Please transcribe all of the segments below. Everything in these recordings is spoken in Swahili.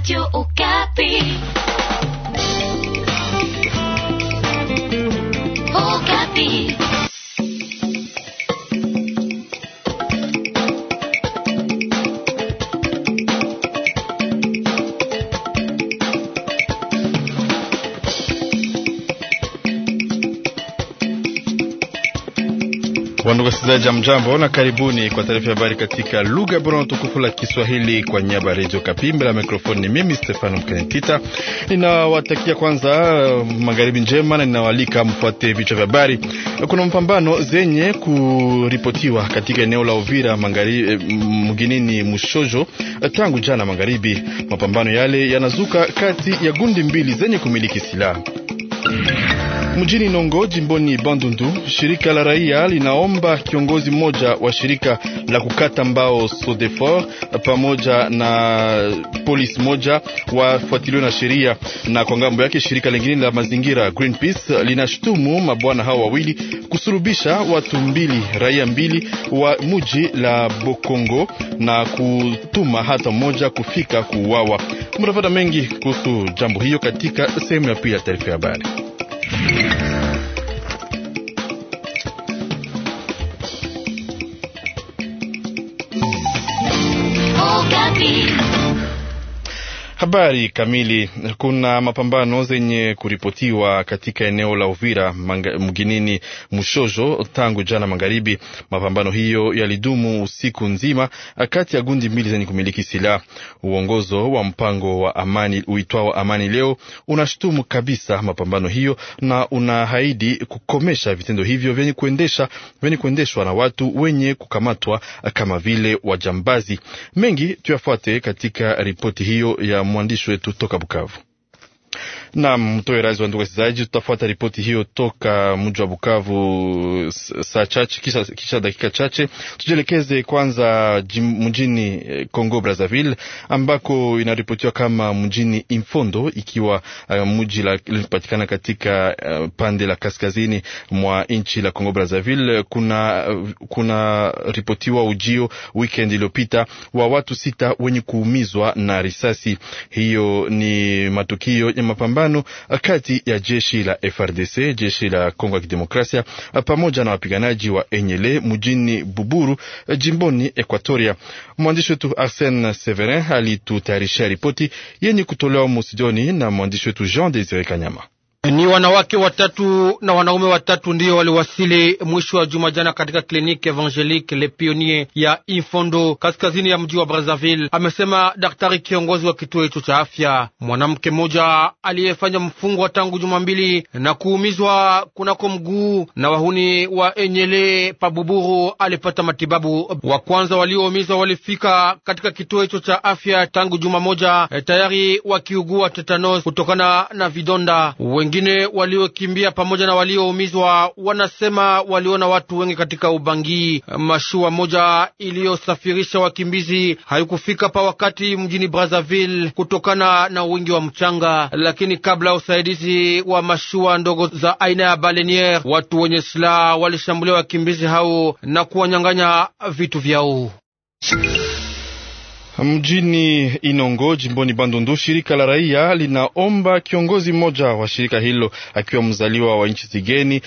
Radio capi. Wandugu wasikilizaji, jamjambo na karibuni kwa taarifa ya habari katika lugha bora na tukufu la Kiswahili. Kwa nyaba ya redio Kapimbe la mikrofoni, ni mimi Stefano Mkenetita. Ninawatakia kwanza uh, magharibi njema na ninawaalika mfuate vichwa vya habari. Kuna mpambano zenye kuripotiwa katika eneo la Uvira eh, mginini Mushojo eh, tangu jana magharibi. Mapambano yale yanazuka kati ya gundi mbili zenye kumiliki silaha Mjini Nongo jimboni Bandundu, shirika la raia linaomba kiongozi mmoja wa shirika la kukata mbao Sodefor pamoja na polisi moja wafuatiliwe na sheria. Na kwa ngambo yake shirika lingine la mazingira Greenpeace linashutumu mabwana hao wawili kusurubisha watu mbili raia mbili wa muji la Bokongo na kutuma hata mmoja kufika kuuawa. Mtafata mengi kuhusu jambo hiyo katika sehemu ya pili ya taarifa ya habari. Habari kamili. Kuna mapambano zenye kuripotiwa katika eneo la Uvira mginini Mushojo tangu jana magharibi. Mapambano hiyo yalidumu usiku nzima kati ya gundi mbili zenye kumiliki silaha. Uongozo wa mpango wa amani uitwao Amani Leo unashutumu kabisa mapambano hiyo na unaahidi kukomesha vitendo hivyo vyenye kuendesha vyenye kuendeshwa na watu wenye kukamatwa kama vile wajambazi. Mengi tuyafuate katika ripoti hiyo ya mwandishi wetu toka Bukavu na mtoe razi wa ndugu wasikilizaji, tutafuata ripoti hiyo toka mji wa Bukavu saa chache kisha, kisha dakika chache. Tujielekeze kwanza mjini eh, Congo Brazzaville ambako inaripotiwa kama mjini Imfondo ikiwa uh, mji linapatikana katika uh, pande la kaskazini mwa nchi la Congo Brazzaville. Kuna, uh, kuna ripotiwa ujio weekend iliyopita wa watu sita wenye kuumizwa na risasi. Hiyo ni matukio ya mapambano mapambano uh, kati ya jeshi la FRDC, jeshi la Kongo ya Kidemokrasia uh, pamoja na wapiganaji wa Enyele mjini Buburu, uh, jimboni equatoria Mwandishi wetu Arsen Severin alitutayarisha ripoti yenye kutolewa musijoni na mwandishi wetu Jean Desire Kanyama. Ni wanawake watatu na wanaume watatu ndiyo waliwasili mwisho wa juma jana katika kliniki Evangelique Le Pionnier ya Infondo kaskazini ya mji wa Brazzaville, amesema daktari kiongozi wa kituo hicho cha afya. Mwanamke mmoja aliyefanya mfungwa tangu juma mbili na kuumizwa kunako mguu na wahuni wa Enyele Pabuburu alipata matibabu. Wa kwanza walioumizwa walifika katika kituo hicho cha afya tangu juma moja, tayari wakiugua tetanos kutokana na vidonda Wengi wengine waliokimbia pamoja na walioumizwa wanasema waliona watu wengi katika Ubangi. Mashua moja iliyosafirisha wakimbizi haikufika pa wakati mjini Brazzaville kutokana na wingi wa mchanga, lakini kabla usaidizi wa mashua ndogo za aina ya baleniere, watu wenye silaha walishambulia wakimbizi hao na kuwanyang'anya vitu vyao. Mjini Inongo jimboni Bandundu, shirika la raia linaomba kiongozi mmoja wa shirika hilo akiwa mzaliwa wa nchi zigeni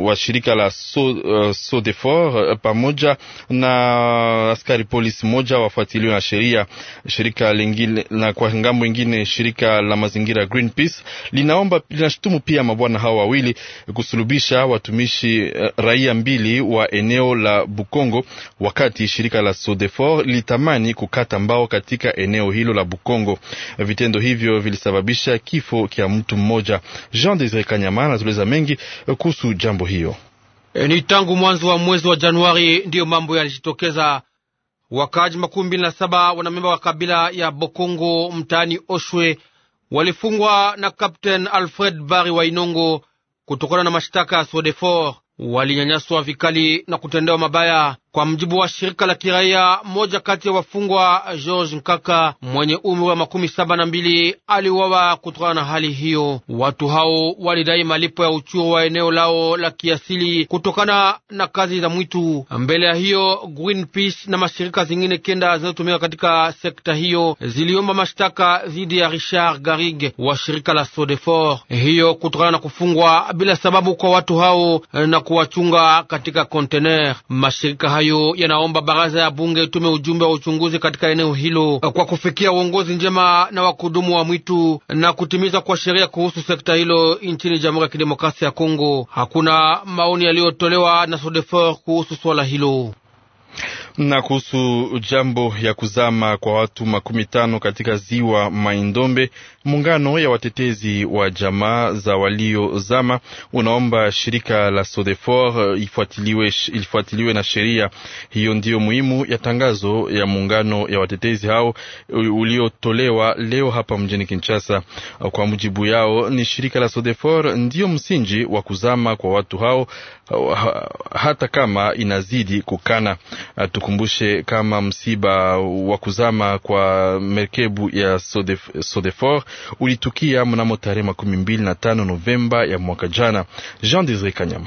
wa shirika la so, uh, eh, Sodefor eh, pamoja na askari polisi mmoja wafuatiliwe na sheria. Shirika lingine na kwa ngambo ingine, shirika la mazingira Greenpeace linaomba linashutumu pia mabwana hao wawili kusulubisha watumishi uh, raia mbili wa eneo la Bukongo, wakati shirika la Sodefor litamani kukata mbao wao katika eneo hilo la Bukongo. Vitendo hivyo vilisababisha kifo kya mtu mmoja. Jean Desire Kanyama anatueleza mengi kuhusu jambo hiyo. E, ni tangu mwanzo wa mwezi wa Januari ndiyo mambo yalijitokeza. Wakaaji makumi mbili na saba wanamemba wa kabila ya Bokongo mtaani Oshwe walifungwa na Kapten Alfred Bari wa Inongo kutokana na mashtaka ya sodefor Walinyanyaswa vikali na kutendewa mabaya. Kwa mjibu wa shirika la kiraia, moja kati ya wafungwa George Nkaka mwenye umri wa makumi saba na mbili aliuawa kutokana na hali hiyo. Watu hao walidai malipo ya uchuru wa eneo lao la kiasili kutokana na kazi za mwitu. Mbele ya hiyo, Greenpeace na mashirika zingine kenda zinazotumika katika sekta hiyo ziliomba mashtaka dhidi ya Richard garig wa shirika la Sodefor, hiyo kutokana na kufungwa bila sababu kwa watu hao na kuwachunga katika kontener. Mashirika hayo hayo yanaomba baraza ya bunge tume ujumbe wa uchunguzi katika eneo hilo kwa kufikia uongozi njema na wakudumu wa mwitu na kutimiza kwa sheria kuhusu sekta hilo nchini Jamhuri ya Kidemokrasia ya Kongo. Hakuna maoni yaliyotolewa na Sodefor kuhusu swala hilo na kuhusu jambo ya kuzama kwa watu makumi tano katika ziwa Maindombe, muungano ya watetezi wa jamaa za waliozama unaomba shirika la Sodefor ifuatiliwe, ifuatiliwe na sheria hiyo. Ndiyo muhimu ya tangazo ya muungano ya watetezi hao uliotolewa leo hapa mjini Kinshasa. Kwa mujibu yao, ni shirika la Sodefor ndiyo msingi wa kuzama kwa watu hao, hata kama inazidi kukana Nikukumbushe kama msiba wa kuzama kwa merkebu ya Sodefor ulitukia mnamo tarehe makumi mbili na tano Novemba ya mwaka jana. Jean Desire Kanyama.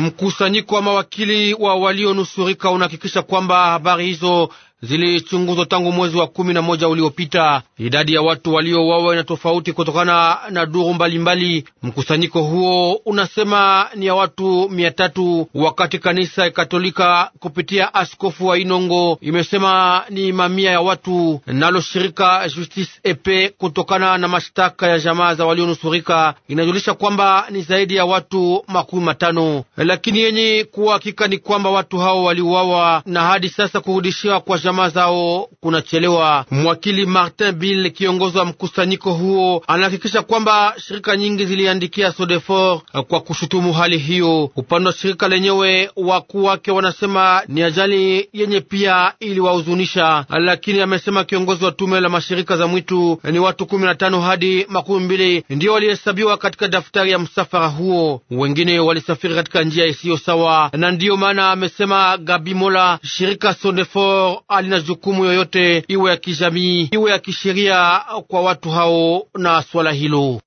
Mkusanyiko wa mawakili wa walionusurika unahakikisha kwamba habari hizo zilichunguzwa tangu mwezi wa kumi na moja uliopita. Idadi ya watu waliowawa ina tofauti kutokana na duru mbalimbali. Mkusanyiko huo unasema ni ya watu mia tatu, wakati kanisa Katolika kupitia askofu wa Inongo imesema ni mamia ya watu. Nalo shirika Justice Epe kutokana na mashtaka ya jamaa za walionusurika inajulisha kwamba ni zaidi ya watu makumi matano, lakini yenye kuhakika ni kwamba watu hao waliuawa na hadi sasa kurudishiwa kwa jamaa jamaa zao kunachelewa. Mwakili Martin Bill, kiongozi wa mkusanyiko huo, anahakikisha kwamba shirika nyingi ziliandikia Sodefor kwa kushutumu hali hiyo. Upande wa shirika lenyewe, wakuu wake wanasema ni ajali yenye pia iliwahuzunisha, lakini amesema kiongozi wa tume la mashirika za mwitu ni watu kumi na tano hadi makumi mbili ndio walihesabiwa katika daftari ya msafara huo. Wengine walisafiri katika njia isiyo sawa, na ndiyo maana amesema Gabi Mola, shirika Sodefor halina jukumu yoyote, iwe ya kijamii, iwe ya kisheria kwa watu hao na swala hilo.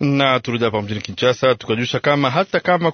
Na turudi hapa mjini Kinshasa tukajusha kama hata kama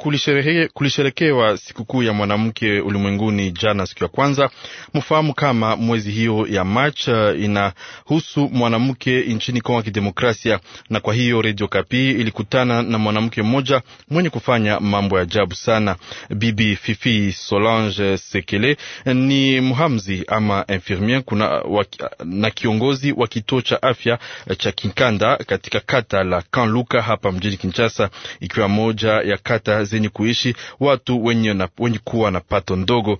kulisherekewa sikukuu ya mwanamke ulimwenguni jana siku ya kwanza, mfahamu kama mwezi hiyo ya Machi uh, inahusu mwanamke nchini Kongo ya Kidemokrasia, na kwa hiyo Radio Kapi ilikutana na mwanamke mmoja mwenye kufanya mambo ya ajabu sana. Bibi Fifi Solange Sekele uh, ni mhamzi ama infirmier kuna uh, na kiongozi wa kituo cha afya cha Kinkanda katika kata la Kanluka kuibuka hapa mjini Kinshasa, ikiwa moja ya kata zenye kuishi watu wenye, na, wenye kuwa na pato ndogo.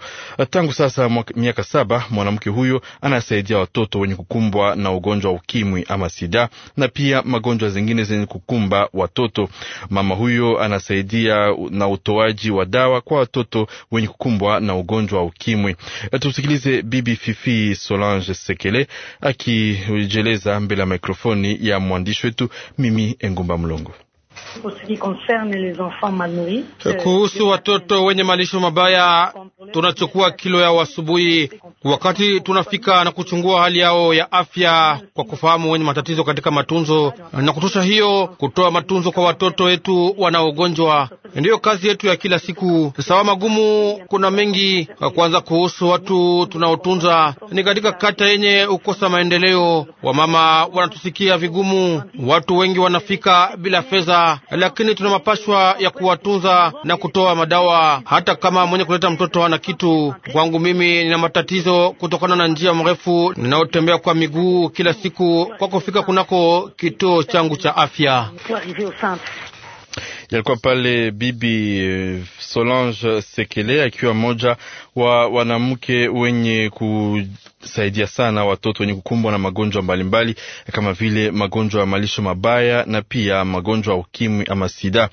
Tangu sasa miaka saba mwanamke huyo anasaidia watoto wenye kukumbwa na ugonjwa wa ukimwi ama sida na pia magonjwa zingine zenye kukumba watoto. Mama huyo anasaidia na utoaji wa dawa kwa watoto wenye kukumbwa na ugonjwa wa ukimwi. Tusikilize Bibi Fifi Solange Sekele akijeleza mbele ya mikrofoni ya mwandishi wetu Mimi Engumba. Mlungu. Kuhusu euh, watoto wenye malisho mabaya, tunachukua kilo yao asubuhi Wakati tunafika na kuchungua hali yao ya afya kwa kufahamu wenye matatizo katika matunzo na kutosha, hiyo kutoa matunzo kwa watoto wetu wanaogonjwa ndiyo kazi yetu ya kila siku. Sawa magumu, kuna mengi. Kwanza kuhusu watu tunaotunza, ni katika kata yenye ukosa maendeleo, wamama wanatusikia vigumu. Watu wengi wanafika bila fedha, lakini tuna mapashwa ya kuwatunza na kutoa madawa, hata kama mwenye kuleta mtoto ana kitu. Kwangu mimi nina matatizo matatizo kutokana na njia mrefu ninayotembea kwa miguu kila siku kwa kufika kunako kituo changu cha afya. Yalikuwa pale Bibi eh, Solange Sekele akiwa moja wa wanamke wenye ku saidia sana watoto wenye kukumbwa na magonjwa mbalimbali mbali, kama vile magonjwa ya malisho mabaya na pia magonjwa ya ukimwi ama sida.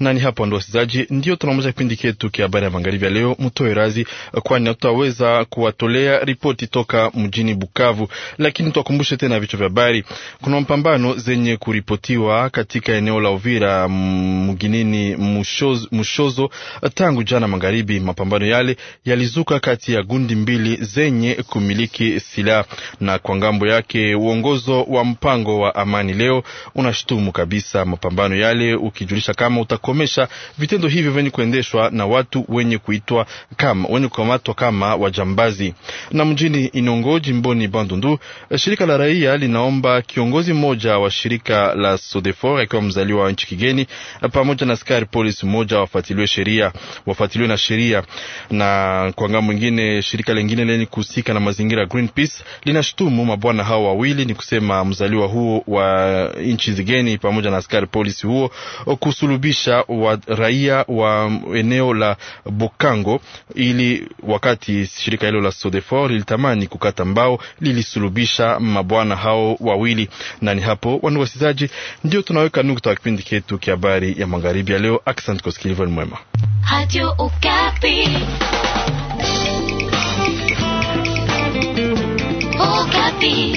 Na ni hapo ndo wasikilizaji, ndio tunamaliza kipindi ketu kia habari ya magharibi ya leo. Mtoe razi, kwani hatutaweza kuwatolea ripoti toka mjini Bukavu, lakini tuwakumbushe tena vichwa vya habari. Kuna mpambano zenye kuripotiwa katika eneo la Uvira mginini Mushozo, Mushozo tangu jana magharibi. Mapambano yale yalizuka kati ya gundi mbili zenye kumiliki kumiliki silaha. Na kwa ngambo yake uongozo wa mpango wa amani leo unashutumu kabisa mapambano yale, ukijulisha kama utakomesha vitendo hivyo vyenye kuendeshwa na watu wenye kuitwa kama wenye kukamatwa kama wajambazi. Na mjini Inongo jimboni Bandundu, shirika la raia linaomba kiongozi mmoja wa shirika la Sodefor akiwa mzaliwa wa nchi kigeni pamoja na askari polisi mmoja wafuatiliwe sheria wafuatiliwe na sheria. Na kwa ngambo mwingine, shirika lingine lenye kuhusika na mazingira la Greenpeace linashutumu mabwana hao wawili, ni kusema mzaliwa huo wa nchi zigeni pamoja na askari polisi huo kusulubisha wa raia wa eneo la Bokango, ili wakati shirika hilo la Sodefor lilitamani kukata mbao lilisulubisha mabwana hao wawili. Na ni hapo, wasikilizaji, ndio tunaweka nukta kipindi chetu kia habari ya magharibi ya leo. Asante kusikiliza, ni mwema. be.